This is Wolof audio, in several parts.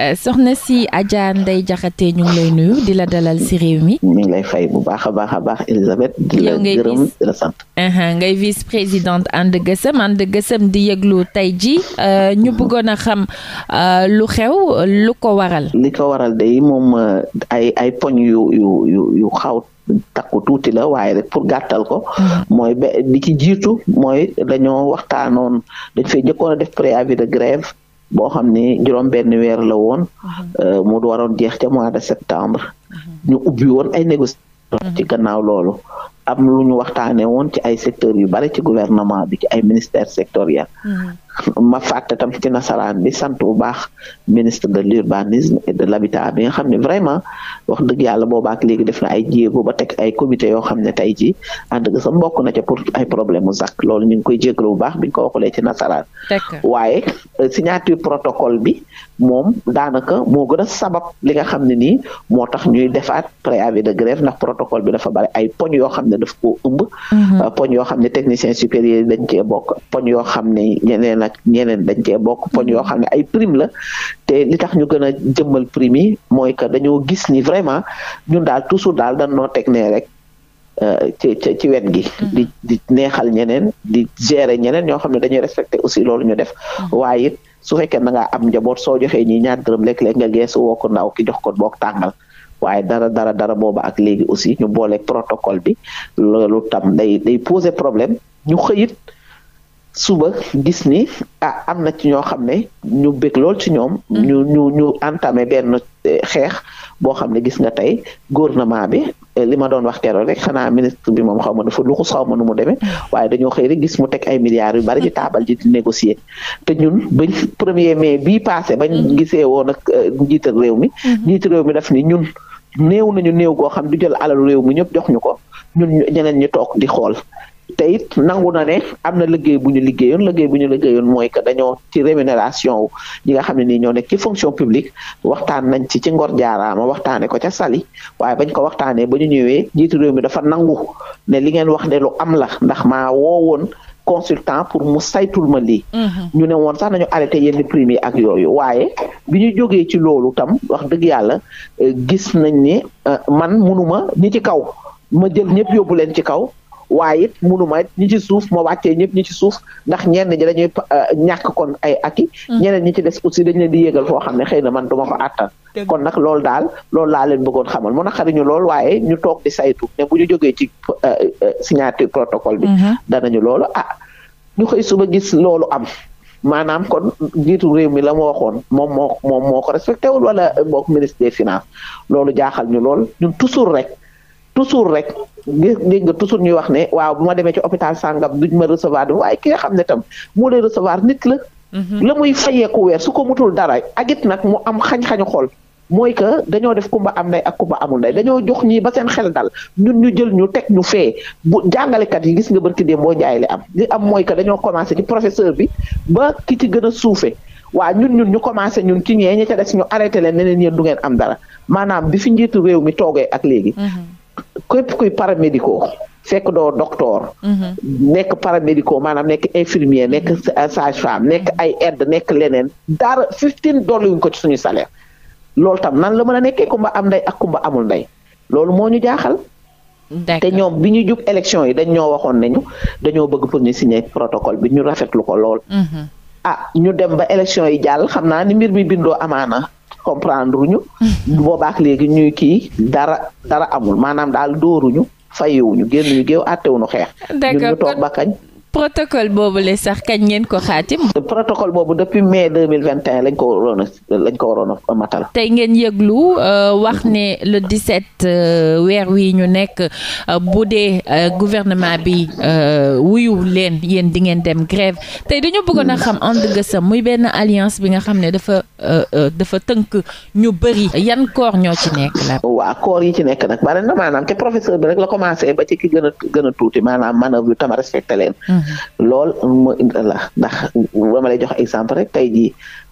Euh, soxna si Adja Ndeye Diakhaté ñu ngi lay nuyu di la dalal si réew mi. ñu ngi lay fay bu baax a baax a baax Elisabeth. di la gërëm di la sant. Uh-huh, ngay vice présidente And Gueusseum And di yëglu tey ji uh, ñu bëggoon a xam uh, lu xew lu ko waral. li ko waral day moom uh, ay ay poñ yu yu yu xaw takku tuuti la waaye rek pour gàttal ko. Uh-huh. mooy ba di ci jiitu mooy dañoo waxtaan noon fee njëkkoon a def préavis de grève. boo xam ne juróom benn weer la woon euh, mu waroon jeex ca mois de septembre ñu ubbi woon ay négociations ci gannaaw loolu am lu ñu waxtaanee woon ci ay secteurs yu bari ci gouvernement bi ci ay ministères sectoriels ma fàtte tam ci nasaraan bi sant bu baax ministre de l'urbanisme et de l'habitat bi nga xam ne vraiment wax dëgg yàlla boobaak léegi def na ay jéego ba teg ay comité yoo xam ne tey jii ànd sa mbokk na ca pour ay problème mu zakk loolu ñu ngi koy jégalu bu baax bi ñu ko waxulee ci nasaraan waaye euh, signature protocole bi moom daanaka moo gën a sabab li nga xam ne ni moo tax ñuy defaat préavis de grève ndax protocole bi dafa bari ay poñ yoo xam ne daf ko ëmb mm-hmm. euh, poñ yoo xam ne technicien supérieur dañ cee bokk poñ yoo xam ne ñeneen ak ñeneen dañ cee bokk poñ yoo xam ne ay prime la te li tax ñu gën a jëmmal prime mooy que dañoo gis ni vraiment ñu daal toujours daal dañ noo teg nee rek euh, ci ci ci wet gi. Mm. di di neexal ñeneen di gere ñeneen ñoo xam ne dañuy respecté aussi loolu ñu def mm. waaye it su fekkee na ngaa am njaboot soo joxee ñi ñaar dërëm léeg-léeg nga geesu ko ndaw ki jox ko boog tàngal. waaye dara dara dara booba ak léegi aussi ñu booleeg protocole bi loolu tam day day problème ñu xëyit suba gis ni ah am na ci ñoo xam ne ñu bëgg lool ci ñoom. Mm. ñu ñu ñu entamé benn eh, xeex boo xam ne gis nga tey gouvernement bi eh, li ma doon wax keroog rek xanaa ministre bi moom xaw ma dafa luxus xaw ma nu mu demee mm. waaye dañoo xëy rek gis mu teg ay milliards yu bari di mm. taabal ji di négocier te ñun bañ premier mais bii passé bañ gisee woon ak eh, njiital réew mi. Mm-hmm. njiital réew mi def nii ñun néew nañu néew goo xam du jël alalu réew mi ñëpp jox ñu ko ñun ñeneen ñu toog di xool. te it nangu na ne am na liggéey bu ñu liggéeyoon liggéey bu ñu liggéeyoon mooy que dañoo ci rémunération wu ñi nga xam ne ni ñoo nekk ci fonction publique waxtaan nañ ci ci ngor jaaraama waxtaanee ko ca sali waaye bañ ko waxtaanee ba ñu ñëwee jiitu réew mi dafa nangu ne li ngeen wax de am la ndax maa woo woon consultant pour mu saytul ma lii. Mhm. ñu ne woon sax nañu arrêté yenn prime yi ak yooyu waaye bi ñu jógee ci loolu tam wax dëgg yàlla eh, gis nañ ne eh, man munuma ñi ci kaw ma jël ñëpp yóbbu leen ci kaw. waaye it munuma ñi ci suuf ma wàccee ñëpp ñi ci suuf ndax ñenn ñi dañuy euh, ñàkk kon ay aki mm. ñeneen ñi ci des aussi dañ leen di yéegal foo xam ne xëy na man duma ko àttan kon nag loolu daal lool laa leen bëggoon xamal mun a xariñu lool waaye ñu toog di saytu ne bu ñu jógee ci euh, euh, signature protocole bi mm-hmm. daanañu loolu ah ñu xëy a gis loolu am maanaam kon jiitu réew mi la ma waxoon moom moo moom moo ko respecté wul wala boog ministre des loolu jaaxal ñu lool ñun toujours rek toujours rek dégg nga toujours ñuy wax ne waaw bu ma demee ci hôpital sàngam duñ ma recevoir dama waaye ki nga xam ne tam moo lay recevoir nit la. Mhm. la muy fayeeku weer su ko mutul dara ak nag mu am xañ-xañu xool mooy que dañoo def kumba am ndey ak kumba amul ndey dañoo jox ñii ba seen xel dal ñun ñu jël ñu teg ñu fee bu jàngale kat yi gis nga barki dem boo njaay li am li am mooy que dañoo commencé ci professeur bi ba ki ci gën suufe waa ñun ñun ñu commencé ñun ci ñee ña ca des ñu arrêté leen ne yéen du ngeen am dara maanaam bi fi njiitu réew mi toogee ak léegi mhm. képp kuy paramédicaux fekk doo docteur. Mhm. nekk paramédicaux maanaam nekk infirmier nekk sage-femme nekk ay aide nekk leneen dara fifteen dolliwuñ ko ci suñu salaire loolu tam nan la mën a nekkee kumba am ndey ak kumba amul ndey loolu moo ñu jaaxal. te ñoom bi ñu jub élection yi dañ ñoo waxoon nañu dañoo bëgg pour ñu signer protocole bi ñu rafetlu ko lool. Mhm. ah ñu dem ba élection yi jàll xam naa ni mbir mi bindoo amaana comprendre ñu. Hmm. boobaak léegi ñuy kii dara dara amul maanaam daal dóoruñu fayewuñu génnuñu géew àttewuñu xeex. ñun ñu toog ba kañ. protocole boobu le sax kañ ngeen ko xaatim. protocole boobu depuis mai deux mille vingt et un lañ ko waroon a lañ ko waroon a matal. tey ngeen yëglu euh, wax ne le di 17 euh, weer wi ñu nekk euh, bu dee gouvernement bi wuyu leen yéen di ngeen dem grève tey dañu bëggoon a xam en Gueusseum muy benn alliance bi nga xam ne dafa dafa tënk ñu bëri yan koor ñoo ci nekk la. waa koor yi ci nekk nag bari na maanaam te professeur bi rek la commencé ba ci ki gën a gën tuuti maanaam manœuvre yu tam respecté leen. Hmm. lool la ndax dama lay jox exemple rek tey jii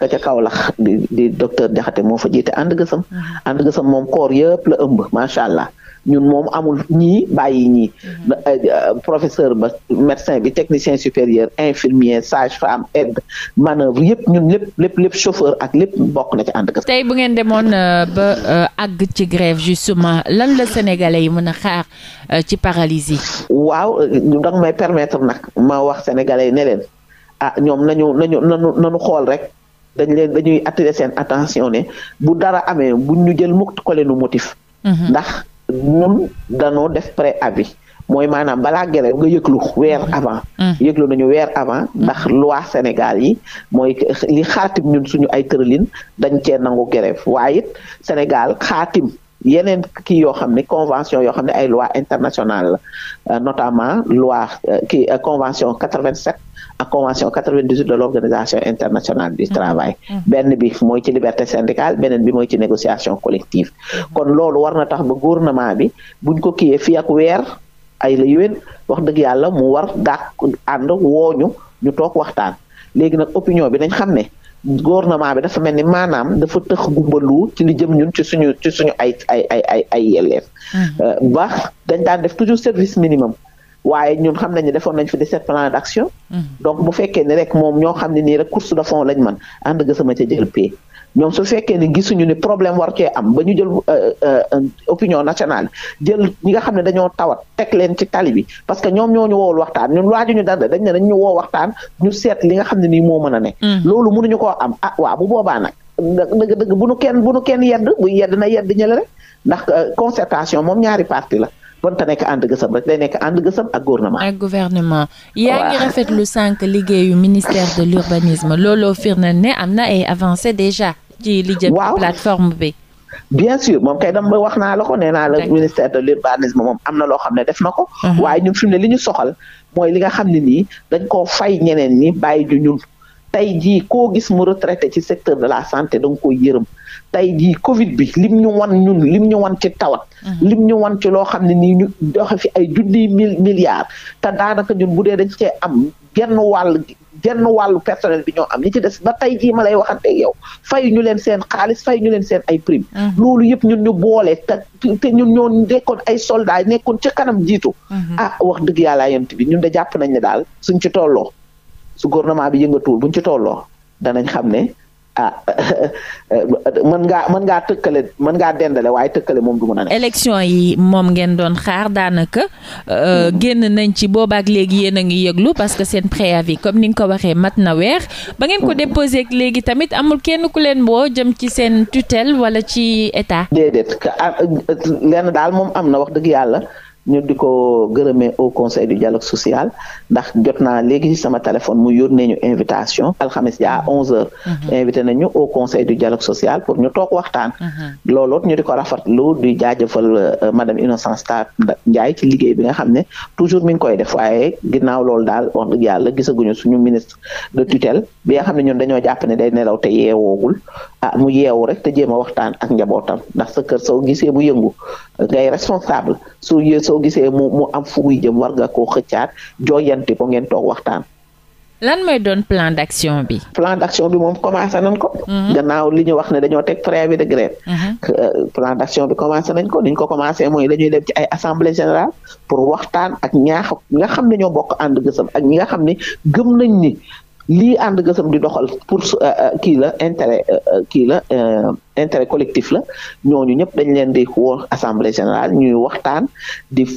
ka ca Kaolack di di docteur Jaxate moo fa jiite ànd gësam ànd gësam moom koor yëpp la ëmb macha allah ñun moom amul ñii bàyyi ñii mhm. euh, euh, professeur ba médecin bi technicien supérieur infirmier sage-femme aide manœuvre yëpp ñun lépp lépp lépp chauffeur ak lépp bokk na ci ànd gas tey bu ngeen demoon euh, ba àgg ci grève justement lan la sénégalais yi mën a xaar ci paralysie waaw danga may permettre nag ma wax sénégalais yi ne leen ah ñoom nañu nañu nanu xool rek dañ leen dañuy attirer seen attention ne bu dara amee buñ ñu jël mukk kole nu motif mhm. ndax ñun danoo def préavis mooy maanaam balaa grève nga yëglu weer mm. avant. Mm. yëglu nañu weer avant mm. ndax loi Sénégal yi mooy li xaatim ñun suñu ay tëralin dañ cee nangu grève waaye it Sénégal xaatim. yeneen kii yoo xam ne convention yoo xam ne ay loi internationale la euh, notamment loi euh, kii euh, convention 87 ak convention 98 de l'organisation internationale du mm-hmm. travail mm-hmm. benn bi mooy ci liberté syndicale beneen bi mooy ci négociation collective mm-hmm. kon lool war na tax ba gouvernement bi buñ ko kiiyee fii ak weer ay la wax dëgg yàlla mu war dàq ànd wooñu ñu toog waxtaan léegi nag opinion bi nañ xam ne gouvernement bi dafa mel ni maanaam dafa tëx gumbalu ci li jëm ñun ci suñu ci suñu ay ay ay ay ay yelleef hmm. euh, baax dañ daan def toujours service minimum waaye ñun xam nañu defoon nañ fi de sept plan d' hmm. donc bu fekkee ni rek moom ñoo xam ne nii rek course de fond lañ man ànd ga sama ca jël pay ñoom su fekkee ne gisuñu ne problème war cee am ba ñu jël euh, euh, opinion nationale jël ñi nga xam ne dañoo tawat teg leen ci tali bi parce que ñoom ñoo ñu woowul waxtaan ñun laajuñu dara dañ ne dañ ñu woo waxtaan ñu seet li nga xam ne nii moo mën a ne. Mm. loolu mënuñu ko am ah waaw bu boobaa nag dëgg dëgg bu nu kenn bu nu kenn yedd bu yedd na yedd ñële rek ndax euh, concertation moom ñaari parti la. kon te nekk ànd gësam rek day nekk ànd gësam ak gouvernement. ak gouvernement yaa ngi rafetlu sànq liggéeyu ministère de l'urbanisme looloo firndeel ne am na ay avancées déjà. ci li jëm waaw plateforme bi bien sûr moom kay dama wax naa la ko nee la ministère de l'urbanisme moom am na loo xam ne def na ko mhm. waaye ñun fi ne li ñu soxal mooy li nga xam ne nii dañ koo fay ñeneen ñi bàyyi ju ñun tey jii koo gis mu retraité ci secteur de la santé da ko koy yërëm tey jii covid bi lim ñu wan ñun lim ñu wan ci tawat mhm. lim ñu wan ci loo xam ne nii ñu doxe fi ay junniy mil milliards te daanaka ñun bu dee dañ cee am genn wàll genn wàllu personnel bi ñoo am ñi ci des ba tey jii ma lay waxante yow fay ñu leen seen xaalis fay ñu leen seen ay prime mm-hmm. loolu yëpp ñun ñu boole te te ñun ñoo nekkoon ay soldats nekkoon ci kanam jiitu mm-hmm. ah wax dëgg yàlla yent bi ñun da jàpp nañ ne daal suñ ci tolloo su gouvernement bi yëngatuwul buñ ci tolloo danañ xam ne ah mën ngaa mën ngaa tëkkale mën ngaa dendale waaye tëkkale moom du mën a nekk. élection yi moom ngeen doon xaar daanaka euh, hmm. génn nañ ci boobaak léegi yéen a ngi yëglu parce que seen préavis comme ni nga ko waxee mat na weer. ba ngeen ko hmm. déposé ak léegi tamit amul kenn ku leen boo jëm ci seen tutelle wala ci état. déedéet ah, euh, lenn daal moom am na wax dëgg yàlla. ñu di ko gërëmee au conseil du dialogue social ndax jot naa léegi sama téléphone mu yónnee ñu invitation alxamis ja à mm-hmm. onze heures mm-hmm. invité nañu au conseil du dialogue social pour ñu toog waxtaan mm-hmm. looloot ñu di ko rafetlu di jaajëfal euh, madame Innocence Tat Ndiaye ci liggéey bi nga xam ne toujours mi ngi koy def waaye ginaaw loolu daal wax dëgg yàlla gisaguñu suñu ministre de tutelle bi nga xam ne ñun dañoo jàpp ne day nelaw te yeewoogul ah mu yeewu rek te jéem a waxtaan ak njabootam ndax sa kër soo gisee mu yëngu ngay responsable su soo gisee mu mu am fu muy jëm war nga koo xëccaat jooyanti ko ngeen toog waxtaan. lan mooy doon plan d'action bi. plan d'action bi moom commencé nañ ko. Mhm. gannaaw li ñu wax ne dañoo teg préavis de grève. Mhm. Euh, plan d'action bi commencé nañ ko ni ñu ko commencé mooy dañuy dem ci ay assemblée générale pour waxtaan ak ñaax nga xam ne ñoo bokk ànd gësam ak nga xam ne gëm nañ ni lii ànd gësëm di doxal pour euh, euh, kii la intérêt euh, kii la intérêt collectif la ñooñu ñëpp dañ leen di woo assemblée générale ñuy waxtaan di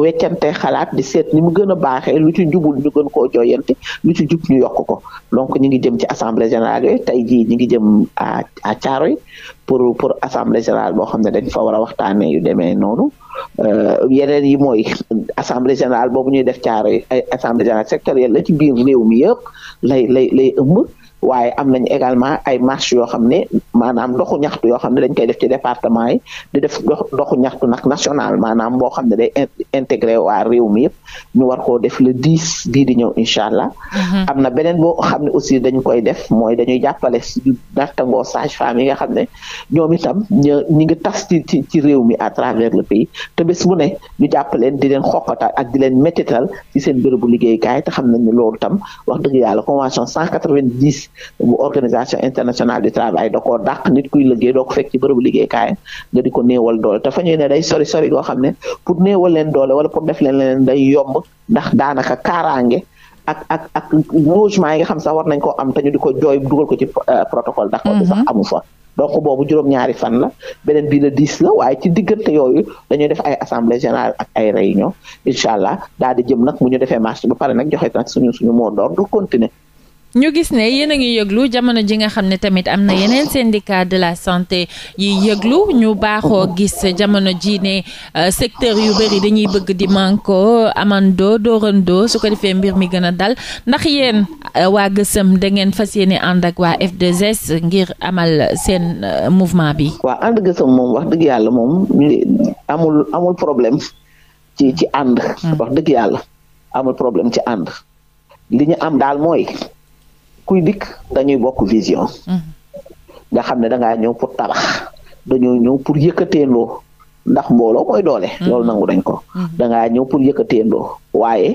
weccante xalaat di seet ni mu gën a baaxee lu ci jubul ñu ko koo jooyanti lu ci jub ñu yokk ko donc ñu ngi jëm ci assemblée générale yooyu tey jii ñu ngi jëm a à yi pour pour assemblée générale boo xam ne dañ fa war a waxtaanee yu demee noonu. Euh, yeneen yi mooy assemblée générale boobu ñuy def caaro yi ay assemblée générale sectorielle la ci biir réew mi yëpp lay lay lay ëmb waaye am nañ également ay marche yoo xam ne maanaam doxu ñaxtu yoo xam ne dañ koy def ci département yi di def doxu ñaxtu nag national maanaam boo xam ne day intégré waa réew mi yëpp ñu war koo def le 10 bii di ñëw incha allah. Mm-hmm. am na beneen boo xam ne aussi dañ koy def mooy dañuy jàppale si nattangoo sage femme yi nga xam ne ñoom itam ñi ngi tas ci ci réew mi à travers le pays te bés bu ne ñu jàppaleen di leen xokkatal ak di leen méttital ci seen bërëbu liggéeykaay ta xam na ñu loolu tam wax dëgg yàlla convention 190. bu organisation internationale du travail da koo dàq nit kuy liggéey doo ko fekk ci bërëbu liggéeykaay nga di ko néewal doole te fa ñuy ne day sori sori goo xam ne pour néewal leen doole wala pour def leen leen day yomb ndax daanaka kaaraange. ak ak ak logement yi nga xam sax war nañ koo am te ñu di ko jooy dugal ko ci euh, protocole d'accord bi sax mhm. amu fa donc boobu juróom-ñaari fan la beneen bii la dix la waaye ci diggante yooyu dañuy def ay assemblée générale ak ay réunion incha allah daal di jëm nag mu ñu defee marche ba pare nag joxe nag suñu suñu mot d'ordre continuer ñu gis ne yéen a ngi yëglu jamono ji nga xam ne tamit am na yeneen syndicat de la santé yi yëglu ñu baaxoo gis jamono ji ne euh, secteur yu bëri dañuy bëgg di manko amando doorando su ko defee mbir mi gën a dal ndax yéen euh, waa gësëm e da ngeen fas yéene ànd ak waa f ngir amal seen euh, mouvement bi. waa ànd gësëm e moom wax dëgg yàlla moom amul amul problème ci ci ànd. Hmm. wax dëgg yàlla amul problème ci ànd li ñu am daal mooy. kuy da ñuy bokk vision. Mm-hmm. nga xam ne da ngaa ñëw pour tabax dañoo ñëw pour yëkkateendoo ndax mbooloo mooy doole. Mm-hmm. loolu nangu dañ ko. Mm-hmm. da ngaa ñëw pour yëkkateendoo waaye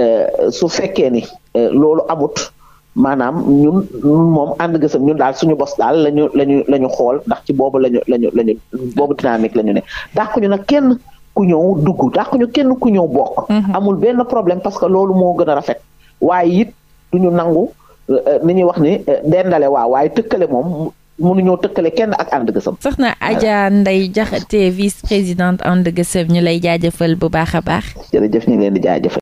euh, su fekkee ni euh, loolu amut maanaam ñun moom ànd gësam ñun daal suñu bos daal lañu lañu la ñu xool ndax ci boobu lañu lañu lañu boobu dynamique la ñu ne dàq ñu nag kenn ku ñëw dugg dàq ñu kenn ku ñëw bokk. amul benn problème parce que loolu moo gën a rafet waaye it duñu nangu. ni euh, ñuy wax ni euh, dendale waaw waaye tëkkale moom mënuñoo tëkkale kenn ak ànd gësëm. soxna Adja Ndeye Diakhaté vice présidente ànd gësëm ñu lay jaajëfal bu baax a baax.